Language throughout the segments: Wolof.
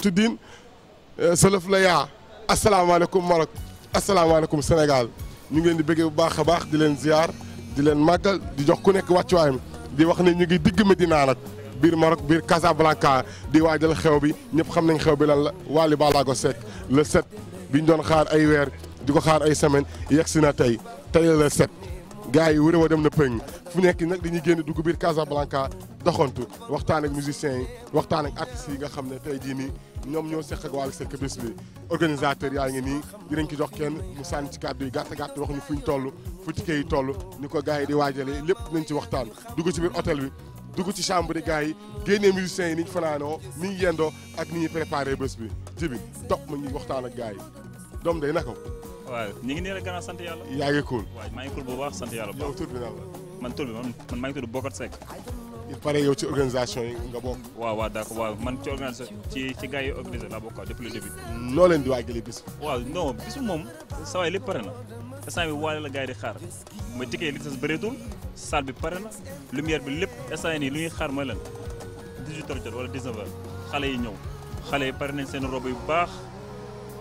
muqtidin euh, salaf la yaa asalaamaaleykum Maroc asalaamaaleykum Sénégal ñu ngi leen di bëggee bu baax a baax di leen ziar di leen màggal di jox ku nekk waay wàccuwaayam di wax ne ñu ngi digg Medina nag biir Maroc biir Casablanca di waajal xew bi ñëpp xam nañ xew bi lan la Wally Ballago Seck le sept bi ñu doon xaar ay weer di ko xaar ay semaine yegg si na tey tey la le sept yi wërëw a dem na pëng fu nekk nag dañuy génn ko biir Casablanca doxantu waxtaan ak musiciens yi waxtaan ak artistes yi nga xam ne tey jii nii. ñoom ñoo seq ak Wally Seck bés bi organisateur yaa ngi nii dinañ ci jox kenn mu sànni ci kàddu yi gàtt gàtt wax ñu fuñ toll fu ticket yi toll ñu ko gars yi di waajalee lépp dinañ ci waxtaan dugg ci biir hôtel bi dugg ci chambre gars yi génnee musiciens yi ni ñu fanaanoo ni ñu yendoo ak ni ñuy préparé bés bi ji bi topp ma ñuy waxtaan ak gars yi doom day naka waaw ñu ngi nee la sant yàlla yaa ngi cool maa ngi cool bu baax sant yàlla bu baax la man tur bi man maa ngi tudd Bokar il paraît yow ci organisation yi nga boo waaw waaw d'accord waaw man ci ci ci gars yi organisé laa bokk depuis le début. Hmm. noo leen di waajalee bis. moom saa waay lépp pare na instant bi waale la gars di xaar mooy ticket li des bëreetul salle bi pare na lumière bi lépp instant yii nii ñuy xaar mooy lan 18 heures wala 19 xale yi ñëw xale yi pare nañ seen robe yu baax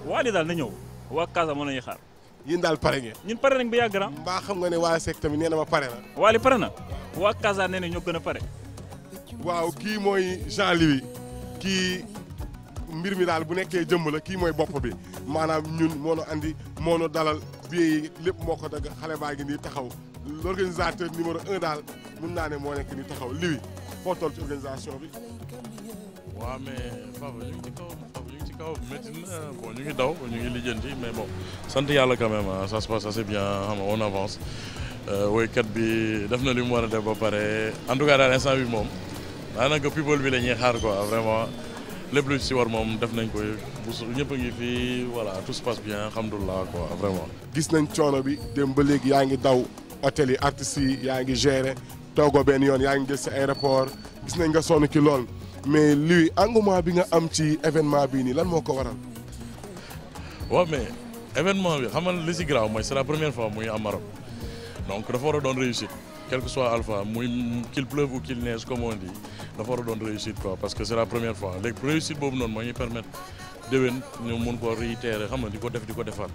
waale daal na ñëw waa Casa moom la ñuy xaar. yéen daal pare ngeen. ñun pare nañ ba yàgg na. Ah. mbaa xam nga ne waa SEC tamit nee na ma pare na. waale pare na waa Casa nee na ñoo gën a pare. waaw kii mooy Jean Louis kii mbir mi daal bu nekkee jëmm la kii mooy bopp bi maanaam ñun moo nu andi moo nu dalal billets yi lépp moo ko dagg xale baa ngi nii taxaw l'organisateur numéro un daal mun naa ne moo nekk nii taxaw Louis foo toll ci organisation bi. waaw mais Fapal ñu ngi ci kaw Fapal ñu ci kaw métti na bon ñu ngi daw ñu ngi lijjanti mais bon sant yàlla quand même ah, ça se passe assez bien xam on avance. Euh, woykat bi def na li mu war a def ba pare en tout daal instant bi moom daanaka people bi la ñuy xaar quoi vraiment lépp lu ci war moom def nañ ko bu su ñëpp a ngi fii voilà tout se passe bien alhamdulilah quoi vraiment. gis nañ coono bi dem ba léegi yaa ngi daw hôtel yi artistes yi yaa ngi gérer toogoo benn yoon yaa ngi jël sa aéroport gis nañ nga sonn ci lool mais luy engouement bi nga am ci événement bii nii lan moo ko waral. waaw mais événement bi xamal li ci garaaw mooy c'est la première fois muy am Maroc donc dafa war a doon réussite quel que soit alpha muy qu'il pleuve ou qu'il neige comme on dafa war a doon réussite quoi parce que c'est la première fois léegi réussite boobu noonu moo ñuy permettre déwén ñu mun ko réitérer xam nga di ko def di ko defaat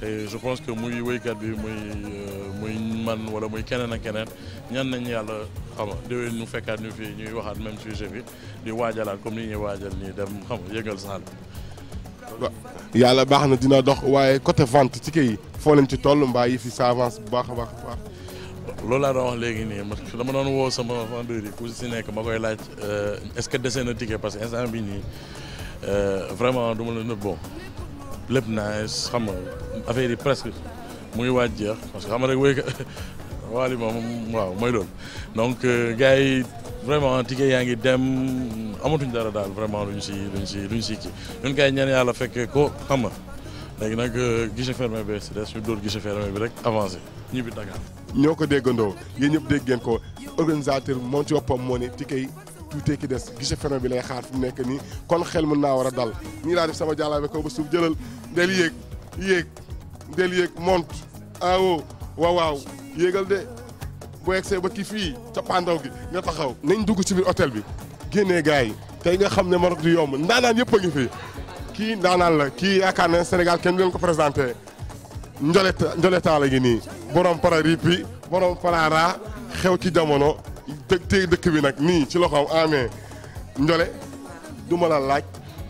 te je pense que muy woykat bi muy euh, muy man wala muy keneen a keneen ñaan nañ yàlla xam nga déwén ñu fekkaat ñu fii ñuy waxaat même sujet bi di waajalaat comme ni ñuy waajal nii dem xam nga yëngal saal yàlla baax na dina dox waaye côté vente ci kii foo leen ci toll mbaa yi fi ça avance bu baax a baax a baax. loolu laa doon wax léegi nii parce que dama doon woo sama vendeur yi ku si nekk ma koy laaj euh, est-ce que dese na ticket parce que instant bi nii euh, vraiment duma ma la nëb bon lépp naa xam nga affaire yi presque mu ngi waaj jeex parce que xam nga rek wéy waali moom waaw mooy loolu donc euh, gars yi vraiment ticket yaa ngi dem amatuñ dara daal vraiment luñ si si luñ si kii ñun gars yi ñaan yàlla fekk ko xam nga léegi nag euh, guichet fermé bi si des ñu dóor guichet fermé bi rek avancé ñibbi Dakar. ñoo ko déggandoo yéen ñëpp dégg ngeen ko organisateur moom ci boppam moo ne ticket yi des guichet fermé bi lay xaar fi mu nekk nii kon xel mën naa war a dal ñu laa def sama jàllale ko ba suuf jëlal del yéeg yéeg del yéeg monte awo waaw yéegal de bu egsee ba ci fii ca pandaw gi nga taxaw nañ dugg ci biir hôtel bi génne gars yi tey nga xam ne Maroc du yomb ndaanaan yëpp a ngi fi kii ndaanaan la kii yaakaar ne Sénégal kenn du leen ko présenté njoleta njoleta la nii borom para ripi borom paraara xew ci jamono dë dëkk bi nag nii ci loxoom amee njole du ma laaj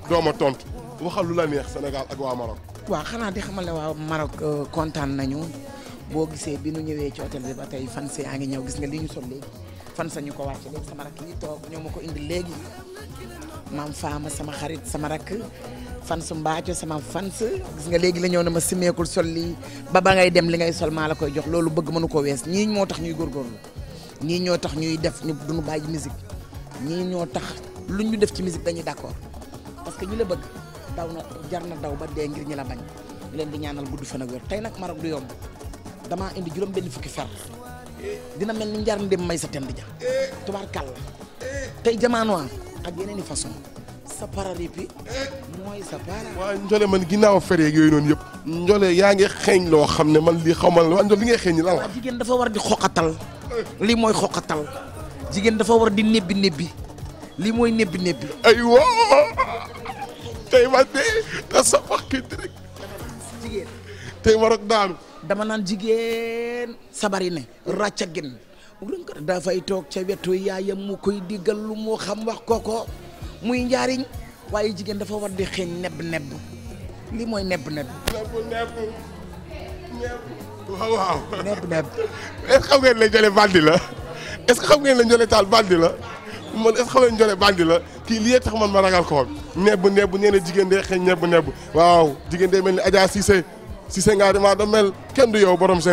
dooma tontu waxal lu la neex Sénégal ak waa Maroc. waaw xanaa di xamal ne waa Maroc euh, kontaan nañu. boo gisee bi nu ñëwee ci hôtel bi ba tey fan si yaa ngi ñëw gis nga li ñu sol léegi fan sa ñu ko wàcc léegi sama rakk yi toog ñoo ma ko indi léegi maam faama sama xarit sama rakk fan su mbaaco sama fan sa gis nga léegi la ñëw na ma simeekul sol lii ba ba ngay dem li ngay sol maa la koy jox loolu bëgg mënu ko wees ñii moo tax ñuy góorgóorlu ñii ñoo tax ñuy def ñu duñu bàyyi musique ñii ñoo tax lu ñu def ci musique dañuy d'accord parce que ñu la bëgg daw na jar na daw ba dee ngir ñi la bañ leen di ñaanal gudd fan ak wér tey nag Maroc du yomb damaa indi juróom benn fukki fer dina mel ni njar ndem may sa tend ja tubaarkàlla tey jamaano ak yeneen i façon sa pararipi mooy sa para waaw njole man ginnaaw fer yeeg yooyu noonu yëpp njole yaa ngi xeeñ loo xam ne man lii xaw ma la waa njol li ngay xeeñ lan la jigéen dafa war di xoqatal lii mooy xoqatal jigéen dafa war di nebbi nebbi lii mooy nebbi nebbi ay waa ma dee da sa faqit rek tey ma rok daanu dama naan jigéen sabari ne ràccagin dafay toog ca wetu yaayam mu koy diggal lu mu xam wax kooko muy njaariñ waaye jigéen dafa war di xeeñ nebb nebb lii mooy nebb nebb waaw waaw nebb nebb est-ce que xam ngeen la Ndiolé bandi la est-ce que xam ngeen la Ndiolé Tall bandi la man est-ce xam ngeen Ndiolé bandi la kii lii tax man ma ragal ko nebb nebb nee na jigéen day xeeñ nebb nebb waaw jigéen day mel ni Adja Cissé si sengaariment da mel kenn du yow borom du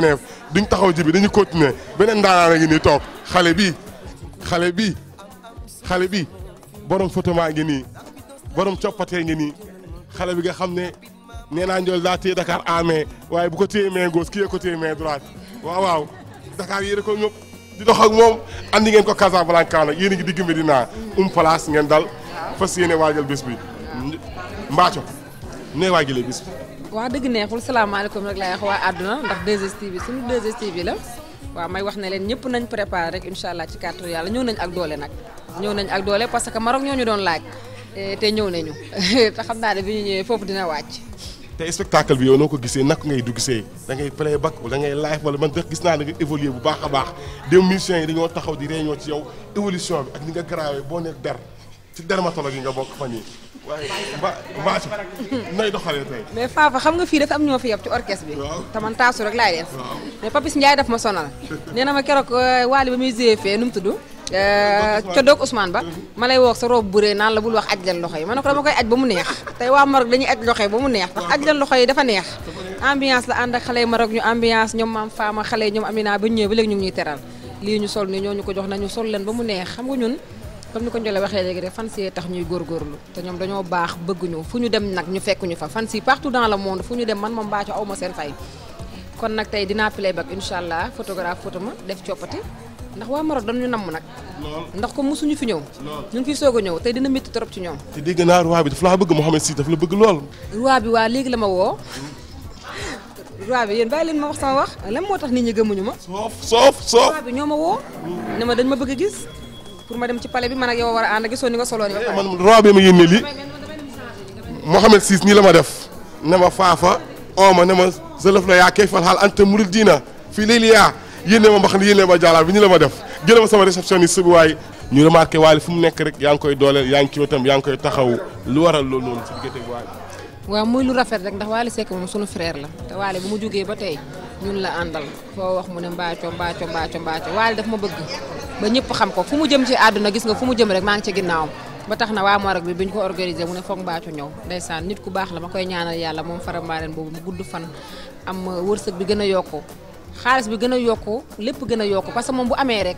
ñu taxaw ji bi ñu continuer beneen daanaa a ngi nii toog xale bi xale bi xale bi borom fotomaa ngi nii borom coppatee ngi nii xale bi nga xam ne nee naa njool daa téye Dakar amee waaye bu ko téye main gauche kii ko téye main droite waaw waaw Dakar yéen ko ñëpp di dox ak moom andi ngeen ko Casablanca nag yéen a ngi digg Medina um place ngeen dal fas yéene waajal bés bi mbaaco ne waajalee bés waa dëgg neexul salaamaaleykum rek laay wax waa àdduna ndax 2STV suñu 2STV la waaw may wax ne leen ñëpp nañ préparé rek incha allah ci kàttan yàlla ñëw nañ ak doole nag ñëw nañ ak doole parce que Maroc ñoo ñu doon laaj eh, te ñëw nañu te xam naa ne bi ñu ñëwee foofu dina wàcc tey spectacle bi yow noo ko gisee nak ngay dugg see da ngay play back da ngay live wala man de gis naa da nga bu baax a baax dem yi dañoo taxaw di réunion ci yow évolution ak ni nga garaawee boo ne der ci dermatologue yi nga bokk fan yii waaye Mbacso nay doxalee mais Fafa xam nga fii dafa am ñoo fi yap ci orchestre bi. taman te man taasu rek laay def. mais Papis Ndiaye daf ma sonal. nee na ma keroog euh, Waly ba muy joué fee nu mu tudd. Codoog euh, Ousmane Ba. Mhm. ma lay woo sa robe bu rëy naan la bul wax aj leen loxo yi ma ne ko dama koy aj ba mu neex. tey waa Maroc dañuy aj loxo yi ba mu neex ndax aj leen loxo yi dafa neex. ambiance la ànd ak xale Maroc ñu ambiance ñoom maam Fama xale ñoom Amina ba ñëwee ba ñu ngi ñuy teral ñu sol ni ñoo ñu ko jox nañu sol leen ba mu neex xam nga ñun comme ni ko Ndiolé waxee léegi rek fans yi tax ñuy góorgóorlu te ñoom dañoo baax bëgg ñu fu ñu dem nag ñu fekk ñu fa fans yi partout dans le monde fu ñu dem man moom mbaaco aw ma seen fay kon nag tey dinaa playback incha allah photographe photo ma def coppati ndax waa Maroc dañu namm nag ndax comme mosuñu fi ñëw ñu ngi fiy soog ñëw tey dina métti trop ci ñoom te dégg naa roi bi daf laa bëgg Mohamed Sy daf la bëgg lool roi bi waa léegi la ma woo hmm. roi bi yéen bàyyi leen ma wax sama wax lan moo tax nit ñi gëmuñu ma soof soof soof roi ñoo ma woo ne ma dañ ma bëgg a gis pour ma dem ci palais bi man ak yow war a ànd gisoo ni nga solo ni eh, ma yónnee lii Mohamed Siis nii la ma def ne ma faafa ooma ne ma zelëf la yaa kayfal xaal anta muridina fii léegi yaa yénne ma mbax ne yénne ma jaalaal bi ñu la ma def gëna ma sama réception yi subi waay ñu remarqué waale fu mu nekk rek yaa ngi koy dooleel yaa ngi ci wetam koy taxaw lu waral loolu noonu si diggante waale waaw muy lu rafet rek ndax Wally Seck moom sunu frère la te waale bu mu jógee ba tey ñun la àndal foo wax mu ne mbaaco mbaaco mbaaco mbaaco waale daf ma bëgg ba ñëpp xam ko fu mu jëm ci àdduna gis nga fu mu jëm rek maa ngi ci ginnaaw ba tax na waa Maroc bi bi ñu ko organisé mu ne foog mbaaco ñëw ndeysaan nit ku baax la ma koy ñaanal yàlla moom farambaaren boobu mu gudd fan am wërsëg bi gën a yokku xaalis bi gën a yokku lépp gën a yokku parce que moom bu amee rek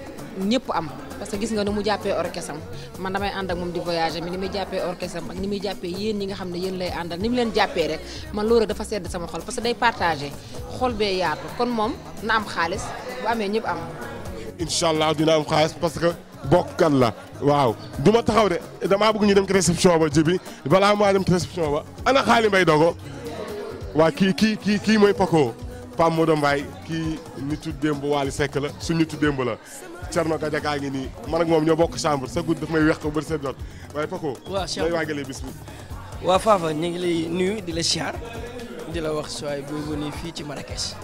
ñëpp am parce que gis nga ni mu jàppee orchestre am man damay ànd ak moom di voyager mi ni muy jàppee orchestre am ak ni muy jàppee yéen ñi nga xam ne yéen lay àndal ni mu leen jàppee rek man loolu dafa sedd sama xol parce que day partagé xol bee yaatu kon moom na am xaalis bu amee ñëpp am. incha allah dina am xaalis parce que bokk kan la waaw du ma taxaw de damaa bëgg ñu dem ci réception ba jibi balaa maa dem ci réception ba ana xaali kii kii kii kii mooy Paco. Pam Modou Mbaye kii nitu démb Waly Seck la su nitu démb la Thierno Gadiaga ngi nii man ak moom ñoo bokk chambre sa guddi daf may weex ko bëri sa jot waaye Paco. waaw Cheikh lay waajalee bis bi. waaw Fafa ñu ngi lay nuyu di la siyaar di la wax sooy bienvenue fii ci Marrakech.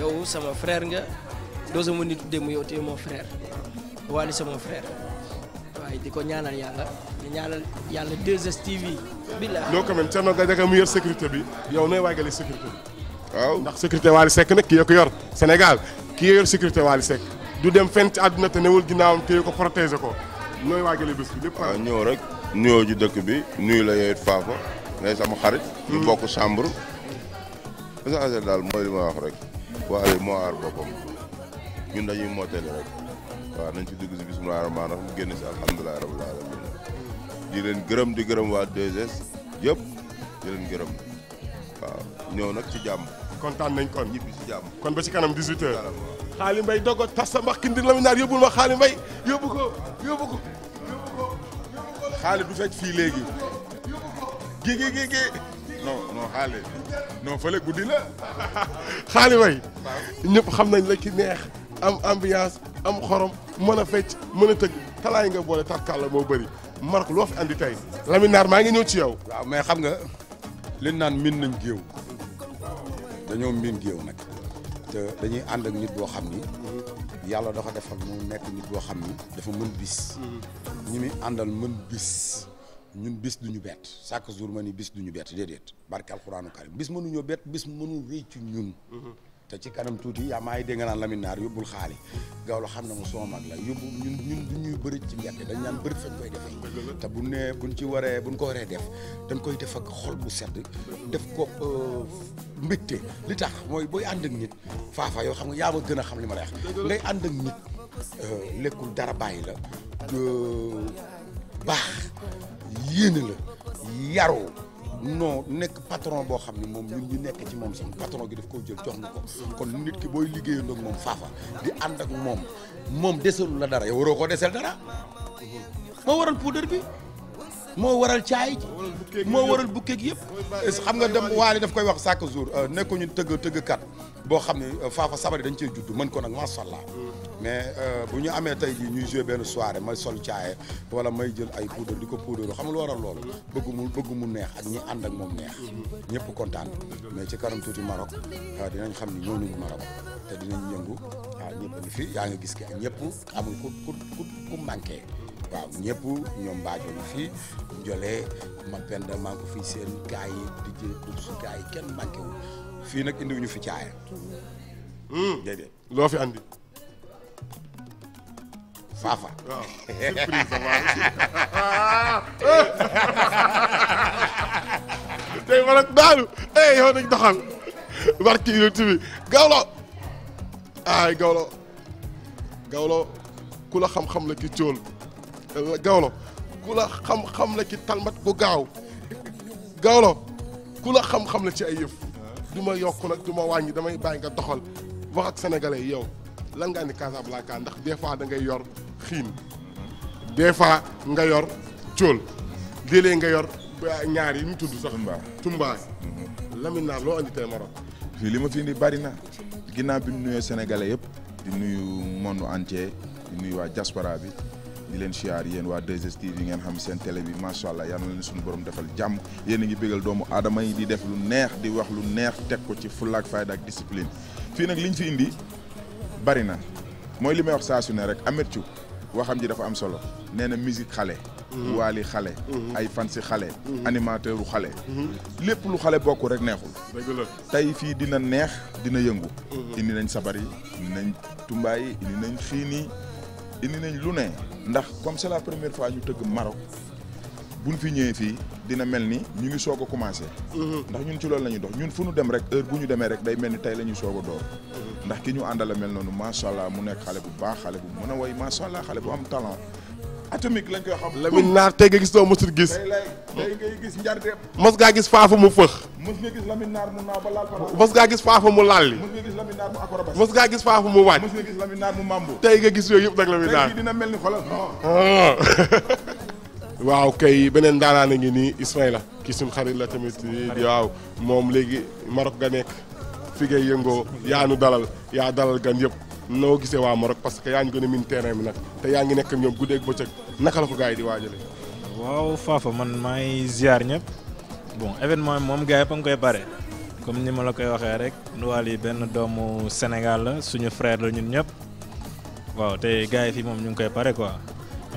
yow sama frère nga doo sama nitu démb yow tey mon frère. waaye di ko ñaanal yàlla di ñaanal yàlla 2STV. billaahi non quand mu yor sécurité bi yow nooy waajale sécurité bi. waaw ndax sécurité Wally sekk nag ki ya Sénégal kii ya yor sécurité Wally Seck du dem fenn ci àdduna te newul ginnaawam téye ko protéger ko nooy waajale bés bi lépp waaw ñëw rek nuyoo ji dëkk bi nuyu la yowit faafa ngay sama xarit ñu hmm. bokk chambre daal mooy li ma wax rek waaye moo aar boppam ñun dañuy mottali rek waaw nañ ci dugg si bismillah rahmaan rahim mu génn si alhamdulilah rabbil alamin di leen gërëm di gërëm waa 2S yëpp leen gërëm waaw ñëw nag ci jàmm kontaan nañ kon ñibbi si kon ba ci kanam 18 heures xaali mbay dogo tas sa mbax kindir la mi naar yóbbul ma xaali mbay yóbbu ko yóbbu ko yóbbu du fekk fii léegi gi gi gi gi non non xaali non guddi la xaali mbay ñëpp xam nañ la ci neex am ambiance am xorom mën a fecc mën a tëgg talaay nga boole tarkalla moo bëri Marc loo fi andi tey Lamine maa ngi ñëw ci yow. waaw mais xam nga li naan min nañ géew dañoo miin géew nag te dañuy ànd ak nit boo xam ni yàlla dafa defal mu nekk nit boo xam ni dafa mën bis mm-hmm. ñu muy àndal mën bis ñun bis duñu bett chaque jour ma ni bis duñu bett déedéet barke alxuraanu karim bis mënuñoo bett bis mënul rëy ci ñun mm-hmm. te ci kanam tuuti yaa maa ngi dégg naan Lamine Naar yóbbul xaali gawlo xam na mu soo mag la yóbbu ñun ñun du ñuy bëri ci mbedd dañ naan bëri fañ koy defee te bu ne buñ ci waree bu buñ ko waree def dañ koy def ak xol bu sedd def ko euh, mbégte li tax mooy booy ànd ak nit yoo xam nga yaa ma gën a xam li ma lay wax ngay ànd ak euh, lekkul dara bàyyi la euh, baax yéene la yaru no nekk patron boo xam ne moom ñun ñu nekk ci moom sax patron gi daf koo jël jox ñu ko kon nit ki booy liggéeyandoo ak moom faafa di ànd ak moom moom desalu la dara yow waroo koo desel dara moo waral puudar bi moo waral caay ji moo waral bukkeeg yëpp xam nga dem waali daf koy wax chaque jour euh, nekkuñu tëgg tëggkat boo xam ne euh, faafa sabari dañ cee judd mën ko nag macha allah mais euh, bu ñu amee tey jii ñuy joué benn soirée may sol caaye wala may jël ay poudre di ko poudre xam lu waral loolu bëgg mu bëgg mu neex ak ñi ànd ak moom neex ñëpp kontaan mais ci kanam tuuti ma Maroc euh, dinañ xam ni ñoo nañu Maroc te dinañ ñëngu waaw ñëpp ni fi yaa ngi gis ki ñëpp amul ku ku ku ku waaw ñëpp ñoom mbaajo ni fii jolee ma pend maa ko fii seen gaay yi di jël kenn manqué wu fii nag indiwuñu fi caaya hmm. déedéet loo fi àndi faafa waaw surprise tey ma nag daanu eh yow nañ doxal barki yu tibi gawlo ay gawlo gawlo ku la xam-xam la ki cool gawlo ku la xam-xam la ki talmat bu gaaw gawlo ku la xam-xam la ci ay yëf du ma yokk nag du ma wàññi damay bàyyi nga doxal wax ak sénégalais yow lan nga andi Casablanca ndax des fois da ngay yor xiin des fois nga yor cóol léeg nga yor ñaar yi mu tudd sax. Tumba Tumba mhm. Lamine loo andi tey Maroc. fii li ma fi indi bari na ginnaaw bi ñu nuyoo sénégalais yëpp di nuyu monde entier di nuyu waa diaspora bi. di leen siyaar yéen waa 2STV yi ngeen xam seen tele bi macha allah yal na leen suñu borom defal jàmm yéen a ngi bégal doomu aadama yi di def lu neex di wax lu neex teg ko ci fulla ak fayda ak discipline fii nag liñ fi indi bari na mooy li may saa su ne rek Ameth Thiou xam ji dafa am solo nee na musique xale. Mm-hmm. waali xale. Mm-hmm. ay fan si xale. Mm-hmm. animateur u xale. lépp lu xale bokk rek neexul. dëgg la tey fii dina neex dina yëngu. indi nañ sabar yi indi nañ tumbaay indi nañ xiin yi indi nañ lu ne ndax comme c'est la première fois ñu tëgg bu buñ fi ñëwee fii dina mel ni ñu ngi soog a commencé. ndax ñun ci lañuy la dox ñun fu ñu dem rek heure bu ñu demee rek day mel ni tey la ñuy soog a door. ndax ki ñu àndale mel noonu macha allah mu nekk xale bu baax xale bu mën a woy macha allah xale bu am talent. atomique lañ koy xam. Lamine Naar tey nga gis doo gis. tey gis njardeep. mos ngaa gis faafu mu fëx. mos nga gis Lamine Naar mu naaw ba laal gis faafu mu laal li. mos nga gis Lamine mu akorobas. mos ngaa gis faafu mu waaj. gis Lamine Naar mu mambo. tey nga gis yooyu yëpp nag Lamine Naar mel ni xoolal non. Ah. waaw kay beneen daanaa na ngi nii Ismaïla ki suñ xarit la tamit. waaw moom léegi Maroc nga nekk. fi ngay yëngoo yaa nu dalal yaa dalal gan yëpp noo gisee waa Maroc parce que yaa ngi gën a min terrain bi nag te yaa ngi nekk ñoom guddeeg bëccëg naka la ko gars yi di waajale waaw Fafa man maay ziar ñëpp bon événement moom gars yëpp a koy bare comme ni ma la koy waxee rek Wally benn doomu Sénégal la suñu frère la ñun ñëpp waaw te gars fii moom ñu ngi koy pare quoi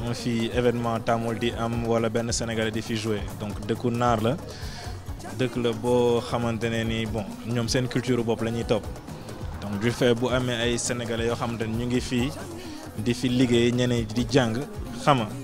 am fii événement tamul di am wala benn Sénégalais di fi jouer donc dëkku naar la. dëkk la boo xamante ne ni bon ñoom seen culture bopp la ñuy topp donc du fait bu amee ay sénégalais yoo xamante ne ñu ngi fii di fi liggéey ñeneen di jàng xama